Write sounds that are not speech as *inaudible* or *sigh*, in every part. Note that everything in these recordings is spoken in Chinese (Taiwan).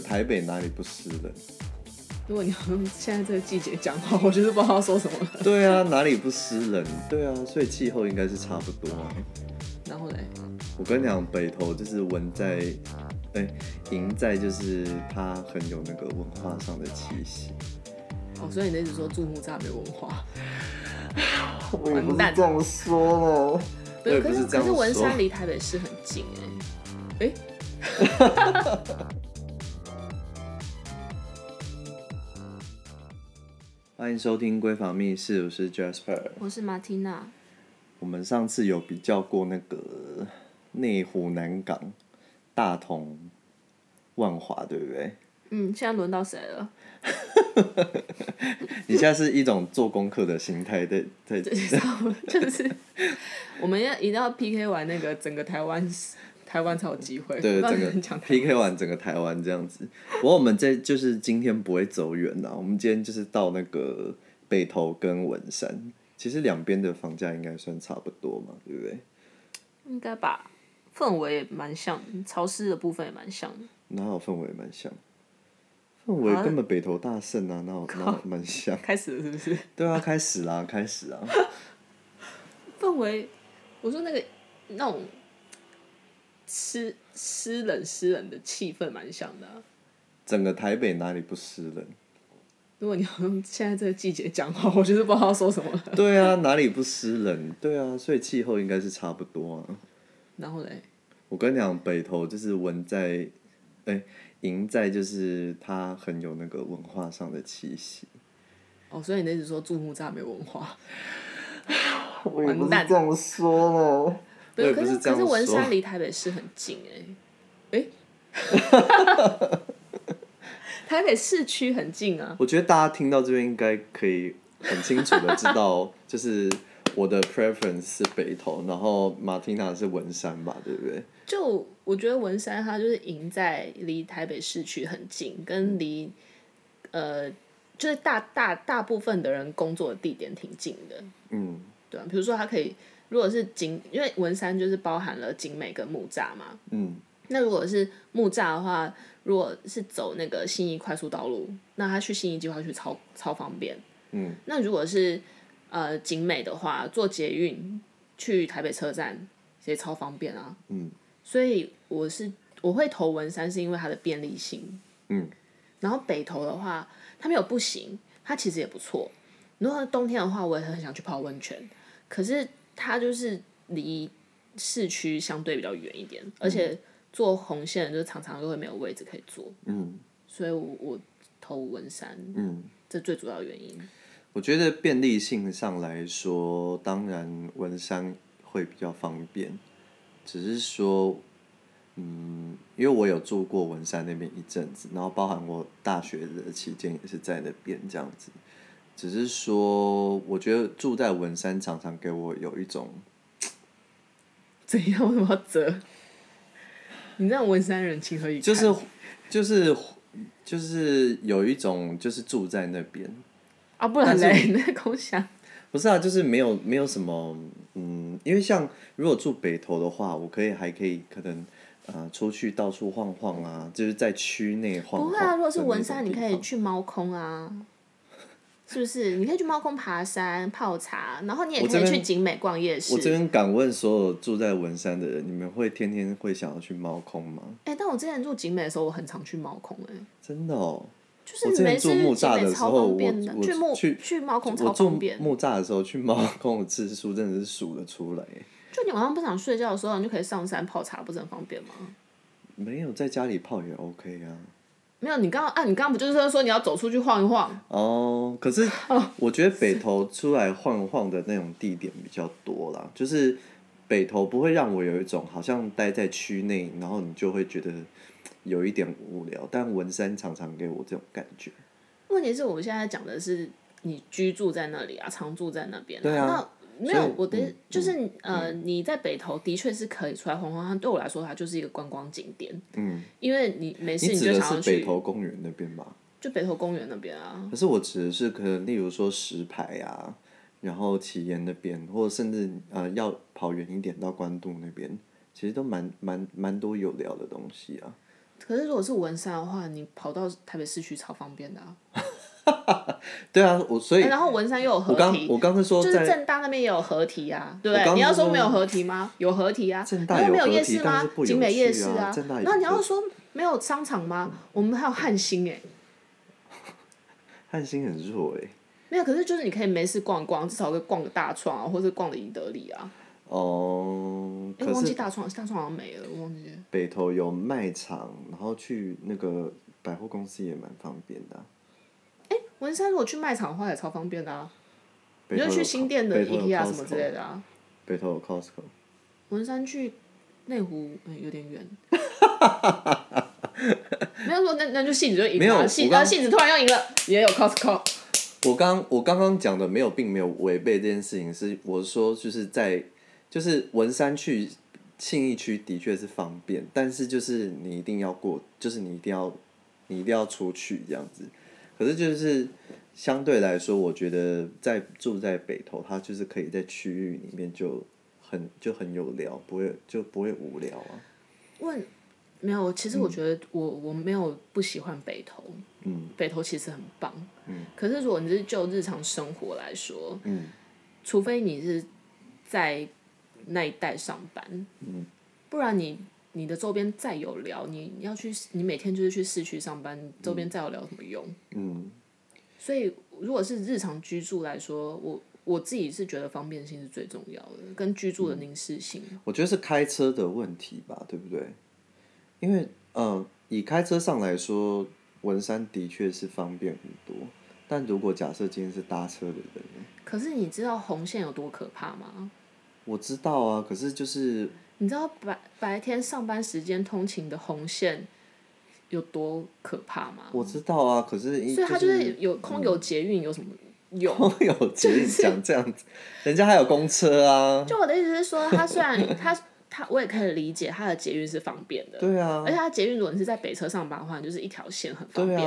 台北哪裡不濕冷？如果你要用現在這個季節講話，我就是不知道要說什麼了。對啊，哪裡不濕冷？對啊，所以氣候應該是差不多啊。然後呢？我跟你講，北投就是文在，哎，欸，贏在就是它很有那個文化上的氣息。哦，所以你那一直說住木柵沒文化，我們不這麼說嘍。對，可是可是文山離台北市很近哎，欸。欸 *laughs* *laughs* 歡迎收聽《閨房秘事》，我是 Jasper。我是馬蒂娜。我們上次有比較過那個內湖、南港、大同、萬華，對不對？嗯，現在輪到誰了？ *laughs* 你現在是一種做功課的心態，在在。知道，就是 *laughs* 我們要一定要 P K 完那個整個台灣。台灣才有機會，對，整個 PK 完整個台灣這樣子。不過我們這就是今天不會走遠吶、啊， *laughs* 我們今天就是到那個北投跟文山，其實兩邊的房價應該算差不多嘛，對不對？應該吧，氛圍也蠻像，潮濕的部分也蠻像。哪有氛圍也蠻像？氛圍根本北投大勝啊，哪哪蠻像？開始是不是？對啊，開始啦， *laughs* 開始啊。 *laughs* 氛圍，我說那個那種。No. 濕濕冷濕冷的氣氛蠻像的，啊，整個台北哪裡不濕冷？如果你要用現在這個季節講話，我就是不知道說什麼 *laughs* 對啊，哪裡不濕冷？對啊，所以氣候應該是差不多啊。然後嘞，我跟你講，北投就是文在，哎，欸，贏在，就是它很有那個文化上的氣息。哦，所以你那次說住木柵沒文化， *laughs* 蛋我也不是這樣說呢。 *laughs* 對對可是，不是這樣。可是文山離台北市很近哎、欸，哎、欸， *laughs* *laughs* 台北市區很近啊。我覺得大家聽到這邊應該可以很清楚的知道，就是我的 preference 是北投，然後 Martina 是文山吧，對不對？就我覺得文山它就是贏在離台北市區很近，跟離、嗯、呃，就是大大大部分的人工作的地點挺近的。嗯，對啊，比如說它可以。如果是景，因為文山就是包含了景美跟木柵嘛。嗯。那如果是木柵的話，如果是走那個信義快速道路，那他去信義計劃去超超方便。嗯。那如果是呃景美的話，坐捷運去台北車站其實超方便啊。嗯。所以我是我會投文山，是因為它的便利性。嗯。然後北投的話，它沒有不行，它其實也不錯。如果冬天的話，我也很想去泡溫泉，可是。它就是離市區相對比較遠一點，而且坐紅線就是常常都會沒有位置可以坐，嗯，所以我我投文山，嗯，這是最主要原因。我覺得便利性上來說，當然文山會比較方便，只是說，嗯，因為我有住過文山那邊一陣子，然後包含我大學的期間也是在那邊這樣子。只是說，我覺得住在文山常常給我有一種怎樣？怎麼折？你知道文山人情何以？就是就是就是有一種就是住在那邊啊，不然嘞？那空想。不是啊，就是沒有沒有什麼，嗯，因為像如果住北投的話，我可以還可以可能出去到處晃晃啊，就是在區內晃。不會啊，如果是文山，你可以去貓空啊。是不是？你可以去貓空爬山泡茶，然後你也可以去景美逛夜市。我這邊敢問所有住在文山的人，你們會天天會想要去貓空嗎？哎、欸，但我之前住景美的時候，我很常去貓空哎、欸。真的哦。就是你沒做木柵的時候，我我，我去去貓空超方便。木柵的時候去貓空的次數真的是數得出來。就你晚上不想睡覺的時候，你就可以上山泡茶，不是很方便嗎？沒有，在家裡泡也 OK 啊。沒有，你剛剛啊，你剛剛不就是說說你要走出去晃一晃？哦，oh, 可是，我覺得北投出來晃一晃的那種地點比較多啦。 *laughs* 就是北投不會讓我有一種好像待在區內，然後你就會覺得有一點無聊，但文山常常給我這種感覺。問題是我們現在講的是你居住在那裡啊，常住在那邊，對啊。沒有我的，嗯、就是呃，嗯、你在北投的確是可以出來晃晃。對我來說，它就是一個觀光景點。嗯，因為你每次你就想要去北投公園那邊嘛，就北投公園那邊啊。可是我指的是，可能例如說石牌啊，然後奇岩那邊，或者甚至呃要跑遠一點到關渡那邊，其實都蠻蠻蠻多有聊的東西啊。可是如果是文山的話，你跑到台北市區超方便的啊。 *laughs* 對啊，我所以、欸、然後文山又有合體，我剛才說就是政大那邊也有合體啊。對，不對，你要說沒有合體嗎？有合體啊，政大有，然後沒有夜市嗎？啊、景美夜市啊。那你要說沒有商場嗎？我們還有漢星哎、欸。漢 *laughs* 星很弱哎、欸。沒有，可是就是你可以沒事逛一逛，至少可以逛個大創啊，或者逛個宜得利啊。哦、嗯。哎，欸、忘記大創，大創好像沒了，我忘記了。北投有賣場，然後去那個百貨公司也蠻方便的、啊。文山如果去賣場的話也超方便的啊，你就去新店的 IKEA 什麼之類的啊。北投。北投有 Costco。文山去內，內湖嗯有點遠。 *laughs* 沒有說 *laughs* 那那就信子就贏了，信，然後信子突然又贏了，也有 Costco。我剛我剛剛講的沒有，並沒有違背這件事情是，是我說就是在就是文山去信義區的確是方便，但是就是你一定要過，就是你一定要你一定要出去這樣子。可是就是相對來說，我覺得在住在北投，它就是可以在區域裡面就很就很有聊，不會就不會無聊啊。問，沒有，其實我覺得我、嗯、我沒有不喜歡北投，嗯，北投其實很棒，嗯、可是如果你是就日常生活來說，嗯，除非你是在那一帶上班，嗯、不然你。你的周邊再有聊，你要去，你每天就是去市區上班，周邊再有聊什麼用？嗯，嗯，所以如果是日常居住來說，我我自己是覺得方便性是最重要的，跟居住的寧靜性、嗯，我覺得是開車的問題吧，對不對？因為，嗯、呃，以開車上來說，文山的確是方便很多。但如果假設今天是搭車的人呢，可是你知道紅線有多可怕嗎？我知道啊，可是就是。你知道白白天上班時間通勤的紅線有多可怕嗎？我知道啊，可是所以他就是有空有捷運有什麼用？空有捷運像這樣子，人家還有公車啊。就我的意思是說，他雖然他他我也可以理解，他的捷運是方便的。對啊。而且他捷運如果你是在北車上班的話，就是一條線很方便，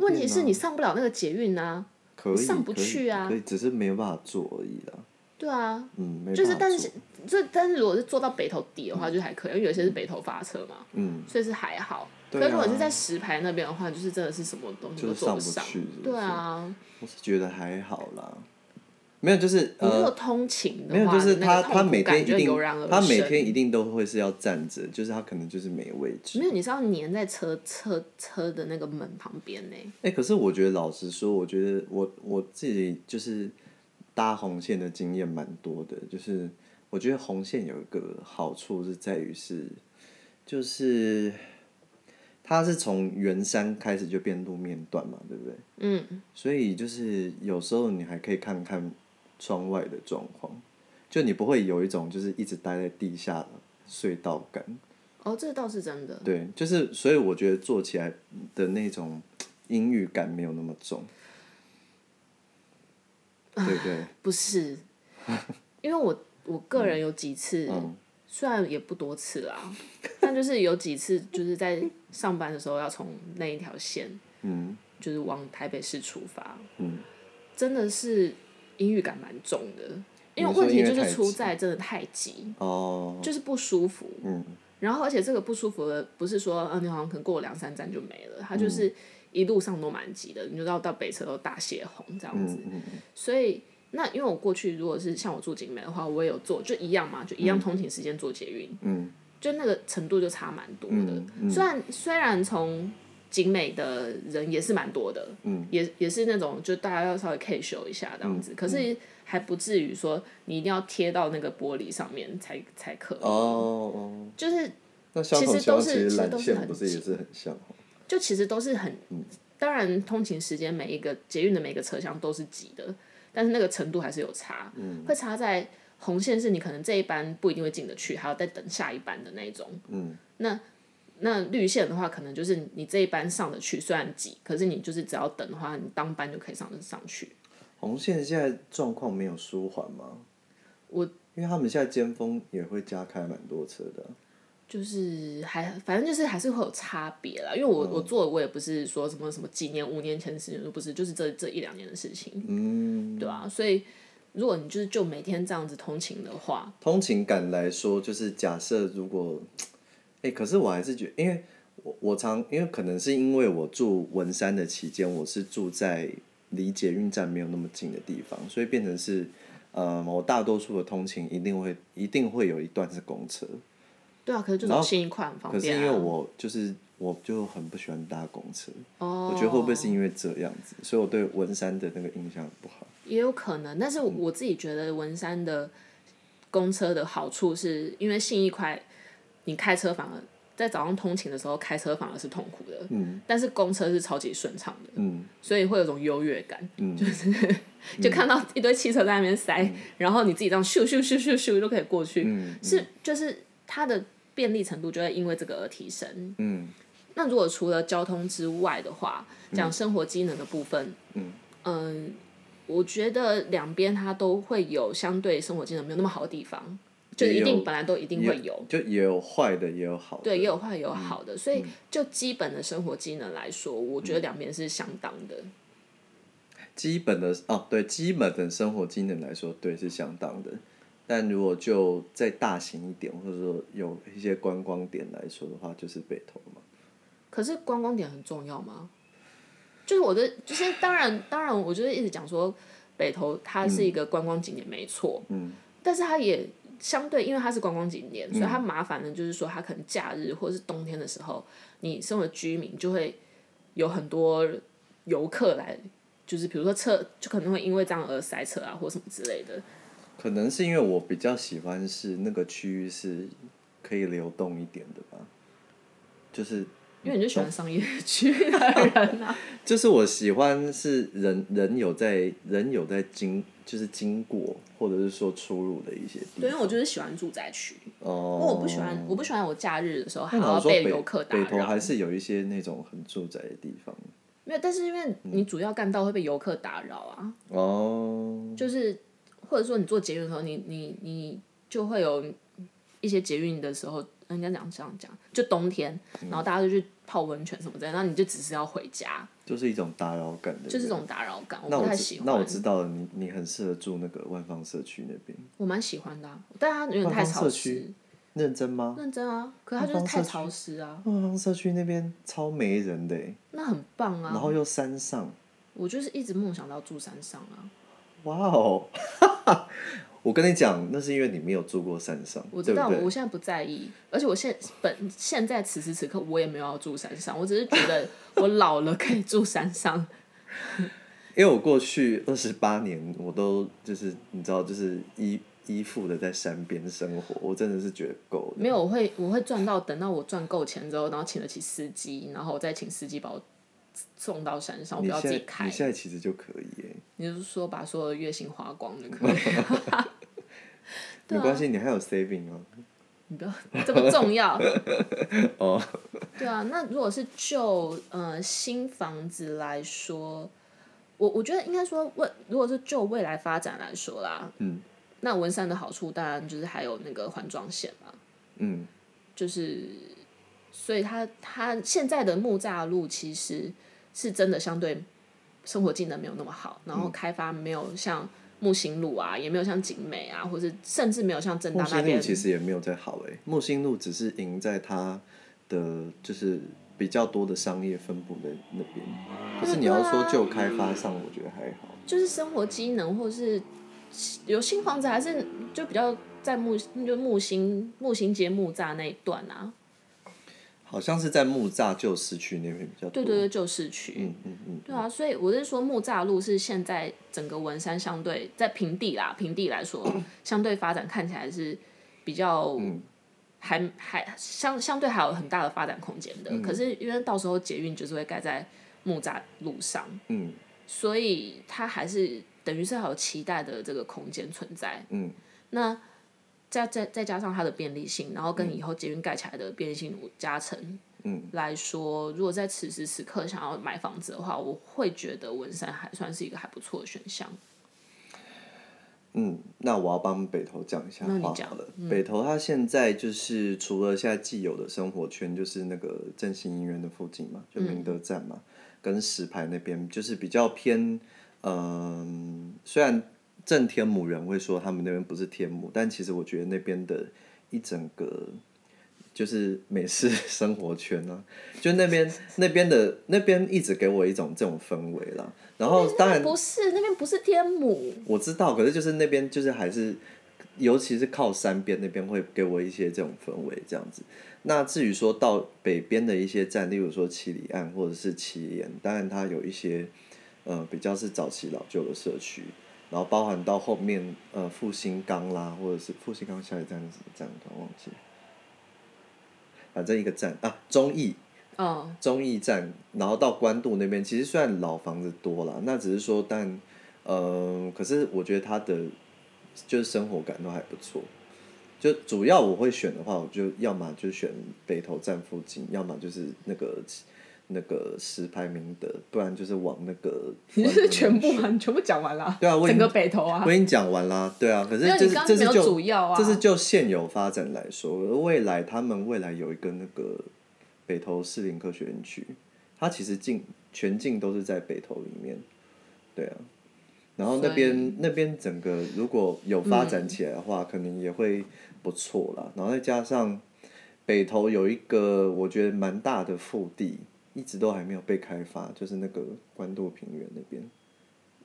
問題是你上不了那個捷運啊，可以，上不去啊。對，只是沒有辦法坐而已啦。對啊，嗯，就是，但是，就但是，如果是坐到北投底的話，就還可以，因為有些是北投發車嘛，嗯，所以是還好。所以如果是在石牌那邊的話，就是真的是什麼東西都坐不上，對啊。我是覺得還好啦，沒有，就是你如果通勤，沒有，就是他他每天一定他每天一定都會是要站着，就是他可能就是沒位置。沒有，你是要粘在車車車的那個門旁邊嘞。哎，可是我覺得，老實說，我覺得我我自己就是。搭紅線的經驗蠻多的，就是我覺得紅線有一個好處是在於是，就是它是從圓山開始就變路面段嘛，對不對？嗯。所以就是有時候你還可以看看窗外的狀況，就你不會有一種就是一直待在地下隧道感。哦，這倒是真的。對，就是所以我覺得坐起來的那種陰鬱感沒有那麼重。對對， *laughs* 不是，因為我我個人有幾次，嗯嗯、雖然也不多次啦， *laughs* 但就是有幾次就是在上班的時候要從那一條線，嗯、就是往台北市出發，嗯、真的是暈欲感蠻重的，因為問題就是出在真的太急，嗯、就是不舒服，嗯、然後而且這個不舒服的不是說，嗯、啊，你好像可能過兩三站就沒了，它就是。嗯一路上都蠻急的，你知道到北車都大洩洪，這樣子。嗯嗯、所以那因為我過去如果是像我住景美的話，我也有坐，就一樣嘛，就一樣通勤時間坐捷運，嗯嗯、就那個程度就差蠻多的。嗯嗯、雖然雖然從景美的人也是蠻多的，嗯、也也是那種就大家要稍微 care 一下這樣子，嗯嗯、可是還不至於說你一定要貼到那個玻璃上面才才可以哦、嗯，就是小小其實都是，其實都是很，不是也是很像。就其實都是很，當然通勤時間每一個捷運的每個車廂都是擠的，但是那個程度還是有差，嗯，會差在紅線是你可能這一班不一定會進得去，還要再等下一班的那種。嗯，那那綠線的話，可能就是你這一班上得去，雖然擠，可是你就是只要等的話，你當班就可以上得上去。紅線現在狀況沒有舒緩嗎？我，因為他們現在尖峰也會加開蠻多車的。就是還，反正就是還是會有差別啦，因為我、嗯、我做的我也不是說什麼什麼幾年五年前的事情，不是就是這這一兩年的事情，嗯，對吧、啊？所以如果你就是就每天這樣子通勤的話，通勤感來說，就是假設如果，哎、欸，可是我還是覺得，因為我我常因為可能是因為我住文山的期間，我是住在離捷運站沒有那麼近的地方，所以變成是，呃，我大多數的通勤一定會一定會有一段是公車。對啊，可是這種信義塊很方便，啊。可是因為我就是我就很不喜歡搭公車，oh. 我覺得會不會是因為這樣子，所以我對文山的那個印象不好。也有可能，但是我自己覺得文山的公車的好處是、嗯、因為信義塊，你開車反而在早上通勤的時候開車反而是痛苦的，嗯，但是公車是超級順暢的，嗯，所以會有種優越感，嗯、就是、嗯、 *laughs* 就看到一堆汽車在那邊塞，嗯、然後你自己這樣咻咻咻咻咻都可以過去，嗯、是就是它的。便利程度就會因為這個而提升。嗯，那如果除了交通之外的話，講、嗯、生活機能的部分，嗯、嗯我覺得兩邊它都會有相對生活機能沒有那麼好的地方，也有就一定本來都一定會有，也就也有壞的，也有好，對，也有壞也有好的，好的嗯、所以就基本的生活機能來說，嗯、我覺得兩邊是相當的。基本的哦，對，基本的生活機能來說，對，是相當的。但如果就再大型一點，或者說有一些觀光點來說的話，就是北投嘛。可是觀光點很重要嗎？就是我的，就是當然，當然，我就是一直講說北投它是一個觀光景點沒錯，嗯。但是它也相對，因為它是觀光景點，嗯。所以它麻煩的，就是說它可能假日或者是冬天的時候，你身為居民就會有很多遊客來，就是比如說車，就可能會因為這樣而塞車啊，或什麼之類的。可能是因為我比較喜歡是那個區域是，可以流動一點的吧，就是因為你就喜歡商業區的人啊， *laughs* 就是我喜歡是人人有在人有在經就是經過或者是說出入的一些地方，對，因為我就是喜歡住宅區哦，我不喜歡我不喜歡我假日的時候還要被遊客打擾，北投還是有一些那種很住宅的地方，沒有，但是因為你主要幹道會被遊客打擾啊哦，嗯、就是。或者說你坐捷運的時候，你你你就會有一些捷運的時候，應該講，這樣講，就冬天，然後大家就去泡溫泉什麼的，那你就只是要回家，就是一種打擾感的，就是一種打擾感，那我，我不太喜歡。那我知道了，你你很適合住那個萬芳社區那邊，我蠻喜歡的。啊，但他有點太潮濕，認真嗎？認真啊，可是他就是太潮濕啊萬。萬芳社區那邊超沒人的。欸，那很棒啊。然後又山上，我就是一直夢想到住山上啊。哇哦、wow。 *laughs* 我跟你講，那是因為你沒有住過山上。我知道，對對，我現在不在意，而且我現在本現在此時此刻我也沒有要住山上，我只是覺得我老了可以住山上。 *laughs* 因為我過去二十八年，我都就是你知道，就是依依附的在山邊生活，我真的是覺得夠了。沒有，我會我會賺到，等到我賺夠錢之後，然後請得起司機，然後再請司機把我。送到山上，我不要自己開了。你現在其實就可以耶。你就是說把所有的月薪花光就可以了。 *laughs* *laughs* 啊、沒關係，你還有 saving 哦。你不要，這麼重要。 *laughs* 哦。對啊，那如果是就呃新房子來說，我我覺得應該說，如果是就未來發展來說啦，嗯、那文山的好處當然就是還有那個環狀線啦嗯，就是所以他他現在的木柵路其實。是真的相對生活機能沒有那麼好，然後開發沒有像木星路啊，也沒有像景美啊，或是甚至沒有像政大那邊，木星路其實也沒有在好哎、欸。木星路只是贏在它的就是比較多的商業分布的那邊，啊、可是你要說就開發上，我覺得還好。就是生活機能或是有新房子，還是就比較在木就木星木星街木柵那一段啊。好像是在木柵舊市區那邊比較多。對對對，舊市區，嗯。嗯嗯嗯。對啊，所以我是說木柵路是現在整個文山相對在平地啦，平地來說相對發展看起來是比較還，嗯，還，還相相對還有很大的發展空間的。嗯，可是因為到時候捷運就是會蓋在木柵路上，嗯，所以它還是等於是還有期待的這個空間存在。嗯。那。再再再加上它的便利性，然後跟以後捷運蓋起來的便利性加成，嗯，來說，嗯、如果在此時此刻想要買房子的話，我會覺得文山還算是一個還不錯的選項。嗯，那我要幫北投講一下話，那你講了。嗯、北投它現在就是除了現在既有的生活圈，就是那個振興醫院的附近嘛，就明德站嘛，嗯、跟石牌那邊就是比較偏，嗯、呃，雖然。正天母人會說他們那邊不是天母，但其實我覺得那邊的一整個就是美式生活圈啊，就那邊那邊的那邊一直給我一種這種氛圍啦。然後當然不是那邊不是天母，我知道，可是就是那邊就是還是，尤其是靠山邊那邊會給我一些這種氛圍這樣子。那至於說到北邊的一些站，例如說唭哩岸或者是奇岩，當然它有一些呃比較是早期老舊的社區。然後包含到後面，呃，復興崗啦，或者是復興崗下一站什麼站，我忘記了。反正一個站啊，忠義。哦。忠義站，然後到關渡那邊，其實雖然老房子多了，那只是說，但呃，可是我覺得它的就是生活感都還不錯。就主要我會選的話，我就要麼就選北投站附近，要麼就是那個。那個十排名的，不然就是往那個。那個你是全部，全部啊？你全部講完了？對啊，整個北投啊。我已經講完啦，對啊，可是這、就是主要、啊、這是就這是就現有發展來說，未來他們未來有一個那個北投士林科學園區，它其實近全境都是在北投裡面。對啊。然後那邊以那邊整個如果有發展起來的話，嗯、可能也會不錯了。然後再加上北投有一個我覺得蠻大的腹地。一直都還沒有被開發，就是那個關渡平原那邊。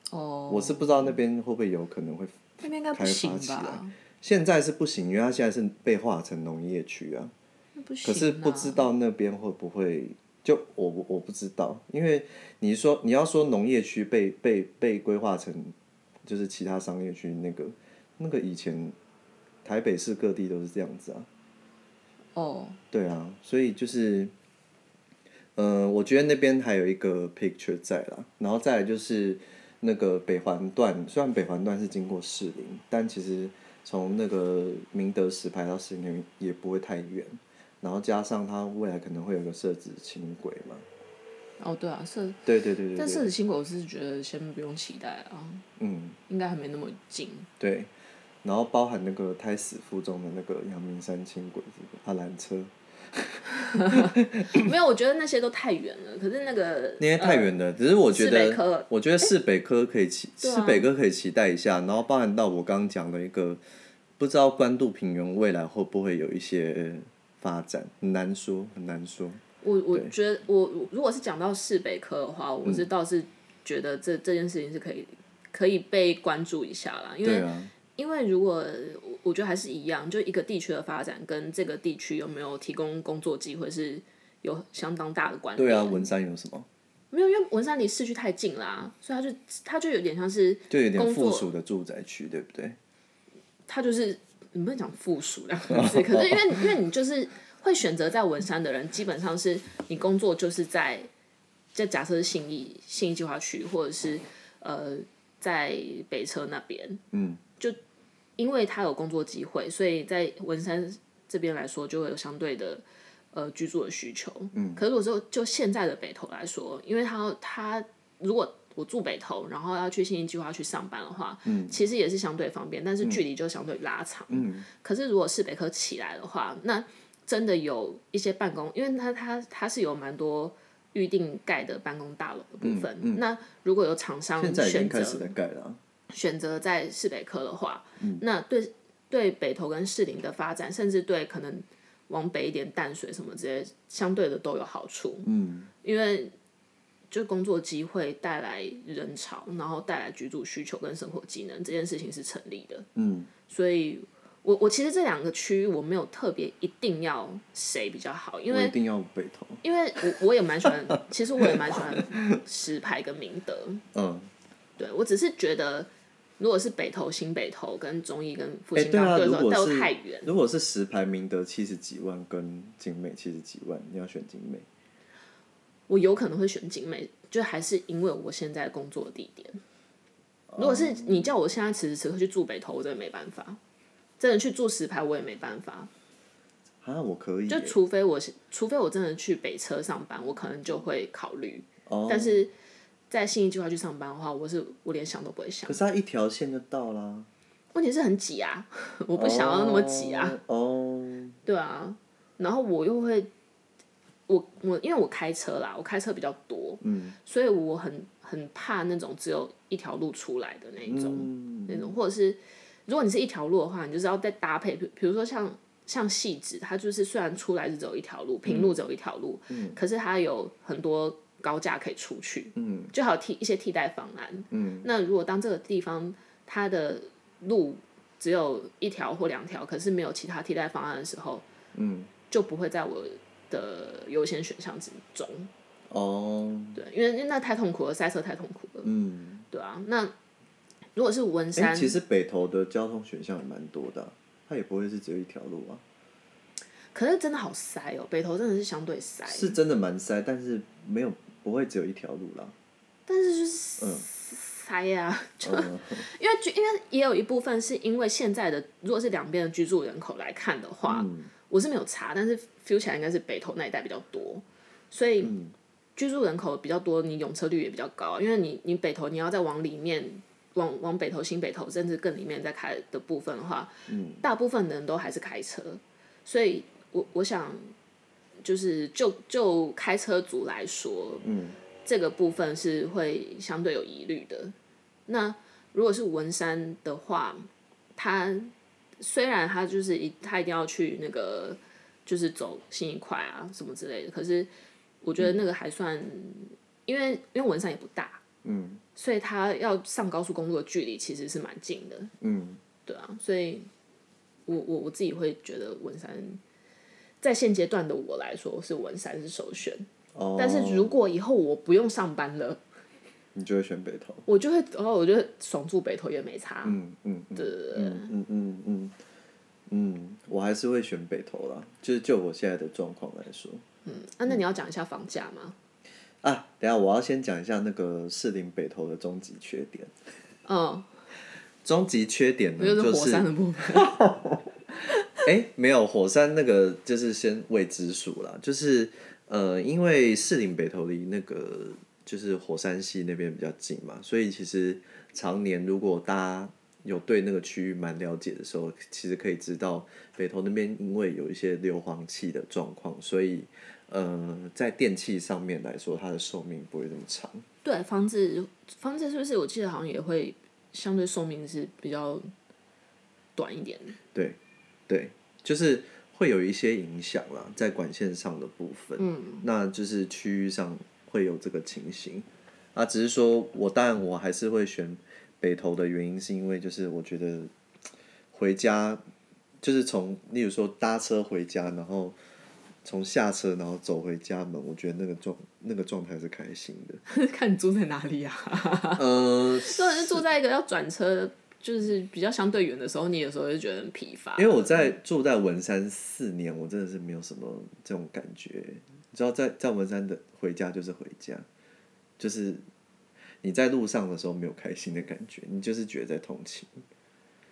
哦。Oh, 我是不知道那邊會不會有可能會開發起來。那邊應該不行吧？現在是不行，因為它現在是被劃成農業區啊。不行啊。可是不知道那邊會不會？就我我不知道，因為你說你要說農業區被被被規劃成，就是其他商業區那個那個以前，台北市各地都是這樣子啊。哦。Oh. 對啊，所以就是。嗯、呃，我覺得那邊還有一個 picture 在啦，然後再來就是那個北環段，雖然北環段是經過士林，但其實從那個明德石牌到士林也不會太遠，然後加上它未來可能會有一個社子輕軌嘛。哦，對啊，設對，對對對對，但社子輕軌我是覺得先不用期待啊。嗯。應該還沒那麼近。對，然後包含那個胎死腹中的那個陽明山輕軌啊、這個、纜車。 *laughs* 沒有，我覺得那些都太遠了。可是那個那些太遠了。呃、只是我覺得，四我覺得市北科可以期，市、欸、北科可以期待一下。啊、然後包含到我剛剛講的一個，不知道關渡平原未來會不會有一些發展，很難說，很難說。我我覺得，我，我如果是講到市北科的話，我是倒是覺得這、嗯、這件事情是可以可以被關注一下啦，因為。對啊因為如果我覺得還是一樣，就一個地區的發展跟這個地區有沒有提供工作機會是有相當大的關係。對啊，文山有什麼？沒有，因為文山離市區太近啦、啊，所以他就它就有點像是對有點附屬的住宅區，對不對？他就是你不要講附屬兩個字，可是因為 *laughs* 因為你就是會選擇在文山的人，基本上是你工作就是在在假設是信義信義計劃區，或者是呃在北車那邊，嗯。就因為他有工作機會，所以在文山這邊來說，就會有相對的呃居住的需求。嗯、可是如果說就,就現在的北投來說，因為他他如果我住北投，然後要去信義計畫去上班的話，嗯、其實也是相對方便，但是距離就相對拉長。嗯、可是如果士北科起來的話，那真的有一些辦公，因為他他他是有蠻多預定蓋的辦公大樓的部分。嗯嗯那如果有廠商選擇，現在已經開始在蓋了、啊。選擇在士北科的話，嗯，那對對北投跟士林的發展，甚至對可能往北一點淡水什麼之類，相對的都有好處。嗯，因為就工作機會帶來人潮，然後帶來居住需求跟生活機能，這件事情是成立的。嗯，所以我我其實這兩個區域我沒有特別一定要誰比較好，因為一定要北投，因為我我也蠻喜歡， *laughs* 其實我也蠻喜歡石牌跟明德。嗯，對，我只是覺得。如果是北投、新北投跟中醫跟復興大哥的，都、欸啊、太遠。如果是石牌明德七十幾萬跟景美七十幾萬，你要選景美，我有可能會選景美，就還是因為我現在工作的地點。Oh, 如果是你叫我現在此時此刻去住北投，我真的沒辦法；真的去住石牌，我也沒辦法。啊，我可以。就除非我，除非我真的去北車上班，我可能就會考慮。Oh. 但是。在信義計劃去上班的話，我是我連想都不會想。可是它一條線就到了，問題是很擠啊！我不想要那麼擠啊！哦，oh, oh. 對啊，然後我又會，我我因為我開車啦，我開車比較多，嗯、所以我很很怕那種只有一條路出來的那種，嗯、那種或者是如果你是一條路的話，你就是要再搭配，比比如說像像汐止，它就是雖然出來是走一條路，平路走一條路，嗯、可是它有很多。高架可以出去，嗯，就好替一些替代方案，嗯。那如果當這個地方它的路只有一條或兩條，可是沒有其他替代方案的時候，嗯，就不會在我的優先選項之中。哦，對，因為那太痛苦了，塞車太痛苦了。嗯，對啊，那如果是文山、欸，其實北投的交通選項也蠻多的、啊，它也不會是只有一條路啊。可是真的好塞哦，北投真的是相對塞。是真的蠻塞，但是沒有。不會只有一條路啦，但是就是塞、嗯、啊，就、哦、因為因為也有一部分是因為現在的，如果是兩邊的居住人口來看的話，嗯、我是沒有查，但是 feel 起來應該是北投那一帶比較多，所以、嗯、居住人口比較多，你擁車率也比較高，因為你你北投你要再往裡面，往往北投新北投甚至更裡面再開的部分的話，嗯、大部分人都還是開車，所以我我想。就是就就開車族來說，嗯，這個部分是會相對有疑慮的。那如果是文山的話，他雖然他就是一他一定要去那個就是走新一快啊什麼之類的，可是我覺得那個還算，因為因為文山也不大，嗯，所以他要上高速公路的距離其實是蠻近的，嗯，對啊，所以我我我自己會覺得文山。在現階段的我來說，是文山是首選。哦、但是如果以後我不用上班了，你就會選北投。我就會，然後、哦、我就會爽住北投也沒差。嗯嗯對嗯嗯嗯嗯嗯，我還是會選北投啦。就是就我現在的狀況來說，嗯，啊，那你要講一下房價嗎、嗯？啊，等下我要先講一下那個士林北投的終極缺點。哦。終極缺點呢，我就是火山的部分。 *laughs* 誒，沒有火山那個就是先未知數啦，就是呃，因為士林北投離那個就是火山系那邊比較近嘛，所以其實常年如果大家有對那個區域蠻了解的時候，其實可以知道北投那邊因為有一些硫磺氣的狀況，所以呃，在電器上面來說，它的壽命不會那麼長。對啊，房子房子是不是我記得好像也會相對壽命是比較短一點的？對。對，就是會有一些影響了，在管線上的部分，嗯，那就是區域上會有這個情形，啊，只是說我，當然我還是會選北投的原因，是因為就是我覺得回家，就是從，例如說搭車回家，然後從下車，然後走回家門，我覺得那個狀那個狀態是開心的。 *laughs* 看你住在哪裡啊，嗯、 *laughs* 呃，如果是住在一個要轉車的。就是比較相對遠的時候，你有時候就覺得很疲乏。因為我在對住在文山四年，我真的是沒有什麼這種感覺。你知道在，在在文山的回家就是回家，就是你在路上的時候沒有開心的感覺，你就是覺得在通勤。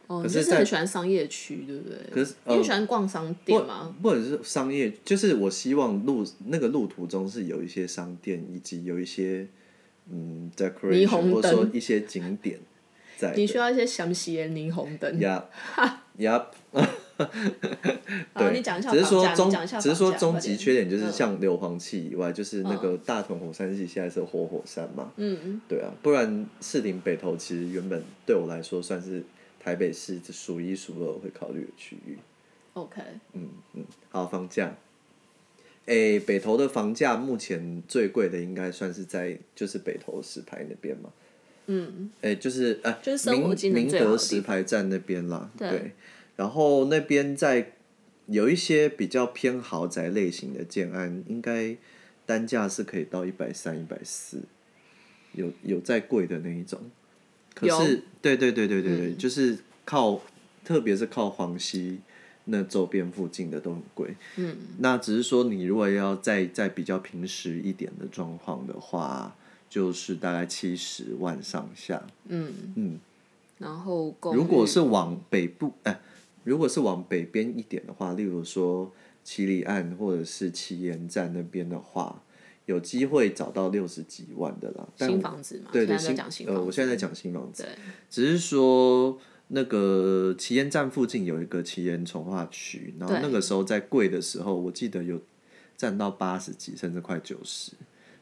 哦，可是在你就是實很喜歡商業區，對不對？可是你、呃、喜歡逛商店嗎？或者是商業，就是我希望路那個路途中是有一些商店，以及有一些嗯 decorations，或者說一些景點。你需要一些詳細的霓虹燈。呀呀，對，啊、你講只是說終，只是說終極缺點就是像硫磺氣以外，嗯、就是那個大屯火山系現在是活火，火山嘛。嗯嗯。對啊，不然士林北投其實原本對我來說算是台北市數一數二會考慮的區域。OK 嗯。嗯嗯，好，房價。哎，北投的房價目前最貴的應該算是在就是北投的石牌那邊嘛。嗯，哎、欸，就是哎，啊、就是明明德石牌站那邊啦，對，對，然後那邊在有一些比較偏豪宅類型的建案，應該單價是可以到一百三、一百四，有有再貴的那一種，可是對有對對對對對，嗯、就是靠特別是靠黃溪那周邊附近的都很貴，嗯，那只是說你如果要再再比較平時一點的狀況的話。就是大概七十萬上下，嗯嗯，嗯，然後如果是往北部哎、呃，如果是往北邊一點的話，例如說唭哩岸，或者是奇岩站那邊的話，有機會找到六十幾萬的啦，但新房子嘛，對對，新，呃，我現在在講新房子，對只是說那個奇岩站附近有一個奇岩重劃區，然後那個時候在貴的時候，對我記得有占到八十幾，甚至快九十。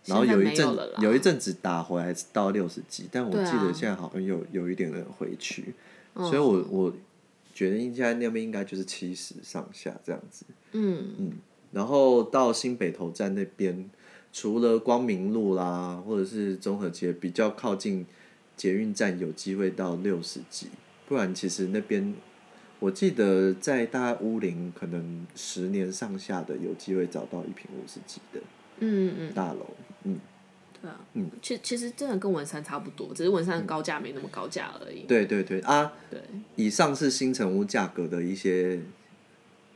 然後有一陣有，有一陣子打回來是到六十幾，但我記得現在好像有、啊、有，有一點的回去，哦、哈所以我我覺得應該那邊應該就是七十上下這樣子。嗯嗯，然後到新北投站那邊，除了光明路啦，或者是中和街，比較靠近捷運站，有機會到六十幾。不然其實那邊我記得在大概屋齡可能十年上下的有機會找到一坪五十幾的。嗯嗯。大樓。嗯嗯，對啊，嗯，其其實真的跟文山差不多，只是文山的高價沒那麼高價而已，嗯。對對對啊，對。以上是新成屋價格的一些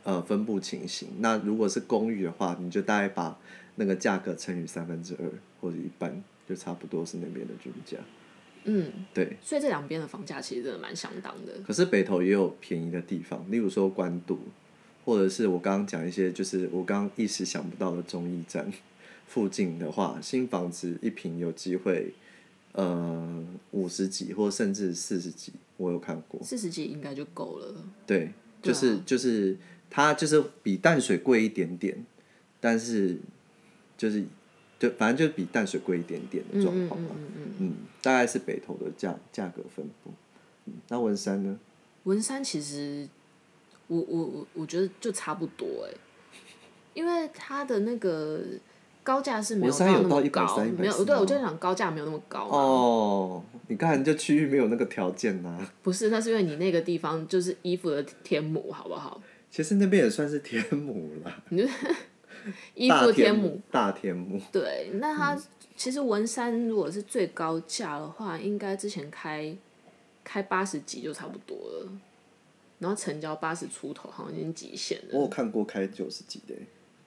呃分布情形。那如果是公寓的話，你就大概把那個價格乘以三分之二或者一半，就差不多是那邊的均價。嗯，對。所以這兩邊的房價其實真的蠻相當的。可是北投也有便宜的地方，例如說關渡，或者是我剛剛講一些，就是我剛剛一時想不到的忠義站。附近的話，新房子一坪有機會，呃，五十幾或甚至四十幾，我有看過。四十幾應該就夠了。對，就是、啊、就是它就是比淡水貴一點點，但是就是就反正就是比淡水貴一點點的狀況嘛。嗯，大概是北投的價價格分布、嗯。那文山呢？文山其實，我我我我覺得就差不多哎，因為它的那個。高價是沒有高、沒有，對我就想高價沒有那麼高。哦、oh，你看，就區域沒有那個條件吶、啊。不是，那是因為你那個地方就是衣服的天母，好不好？其實那邊也算是天母了。你就是、衣服的天、天母。大天母。對，那它、嗯、其實文山如果是最高價的話，應該之前開，開八十幾就差不多了，然後成交八十出頭好像已經極限了。我有看過開九十幾的，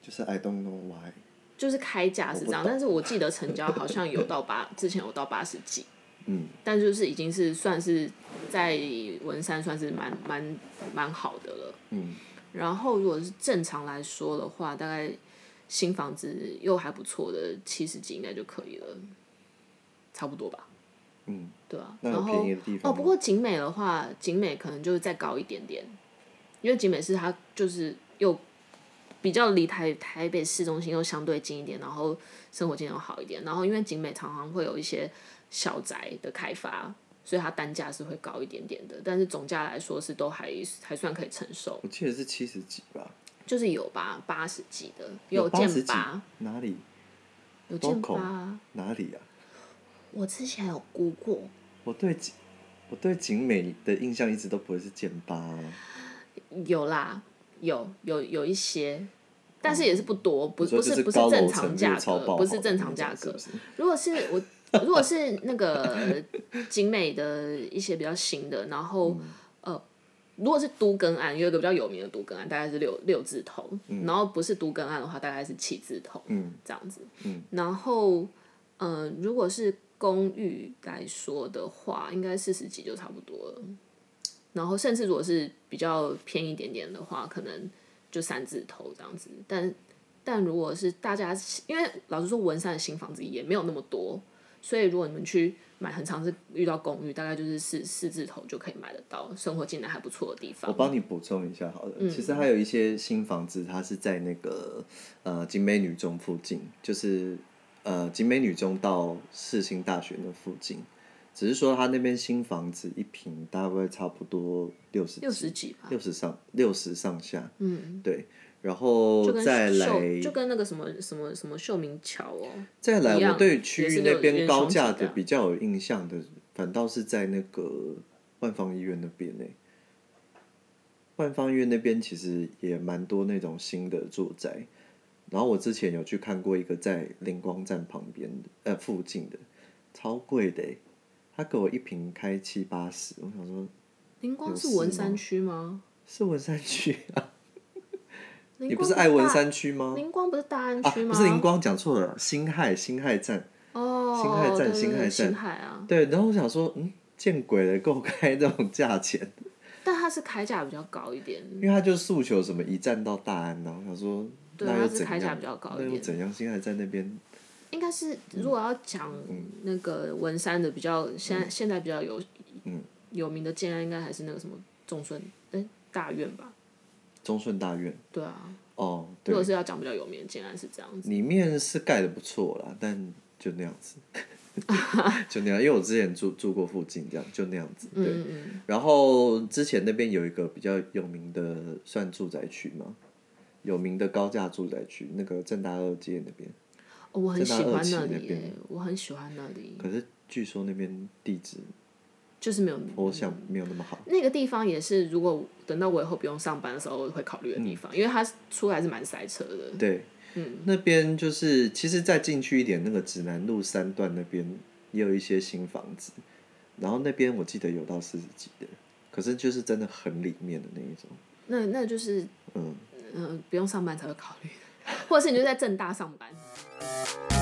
就是 I don't know why。就是開價是這樣，但是我記得成交好像有到八， *laughs* 之前有到八十幾，嗯，但就是已經是算是在文山算是蠻蠻蠻好的了，嗯，然後如果是正常來說的話，大概新房子又還不錯的七十幾應該就可以了，差不多吧，嗯，對啊，然後那有便宜的地方嗎？哦，不過景美的話，景美可能就是再高一點點，因為景美是它就是又。比較離台台北市中心又相對近一點，然後生活經驗又好一點，然後因為景美常常會有一些小宅的開發，所以它單價是會高一點點的，但是總價來說是都還還算可以承受。我記得是七十幾吧，就是有吧，八十幾的有見八，有哪裡有見八哪裡啊？我之前有估過，我對景我對景美的印象一直都不會是見八啊，有啦。有有有一些，但是也是不多，嗯、不不是不是正常價格，不是正常價格。是是如果是我，如果是那個景 *laughs* 美的一些比較新的，然後、嗯、呃，如果是都更案，有一個比較有名的都更案，大概是六六字頭，嗯、然後不是都更案的話，大概是七字頭，嗯，這樣子。嗯、然後呃，如果是公寓來說的話，應該四十幾就差不多了。然後，甚至如果是比較偏一點點的話，可能就三字頭這樣子。但但如果是大家，因為老實說，文山的新房子也沒有那麼多，所以如果你們去買，很常是遇到公寓，大概就是四四字頭就可以買得到，生活機能還不錯的地方。我幫你補充一下好了。好的、嗯，其實還有一些新房子，它是在那個呃景美女中附近，就是呃景美女中到世新大學的附近。只是說他那邊新房子一坪大概差不多六十，六十幾吧，六十上六十上下。嗯，對，然後再來就跟，就跟那個什麼什麼什麼秀明橋哦，再來樣樣我對區域那邊高價的比較有印象的，嗯、反倒是在那個萬芳醫院那邊呢、欸。萬芳醫院那邊其實也蠻多那種新的住宅，然後我之前有去看過一個在麟光站旁邊呃附近的超貴的、欸他給我一瓶開七八十，我想說，麟光是文山區嗎，嗎？是文山區啊，你不，不是愛文山區嗎？麟光不是大安區嗎、啊？不是麟光講錯了，辛亥辛亥站哦，辛亥站辛亥站對。然後我想說，嗯，見鬼了，夠開這種價錢？但他是開價比較高一點，因為他就訴求什麼一站到大安、啊，然後他說，對，怎樣它是開價比較高一點，那又怎樣？辛亥在那邊。應該是，如果要講那個文山的比較現在，現、嗯、現在比較有、嗯、有名的建案，應該還是那個什麼中順哎大院吧。中順大院。對啊。哦、oh, 對。如果是要講比較有名的建案，是這樣子。裡面是蓋得不錯啦，嗯、但就那樣子。 *laughs* *laughs* 就那樣，因為我之前住住過附近，這樣就那樣子。對。嗯嗯然後之前那邊有一個比較有名的算住宅區嘛，有名的高價住宅區，那個政大二街那邊。我很，我很喜歡那裡，我很喜歡那裡。可是據說那邊地質，就是沒有我想沒有那麼好。那個地方也是，如果等到我以後不用上班的時候，我會考慮的地方，嗯、因為它出來是蠻塞車的。對，嗯，那邊就是其實再進去一點，那個指南路三段那邊也有一些新房子，然後那邊我記得有到四十幾的，可是就是真的很裡面的那一種。那那就是嗯嗯、呃，不用上班才會考慮的。或者是你就在政大上班。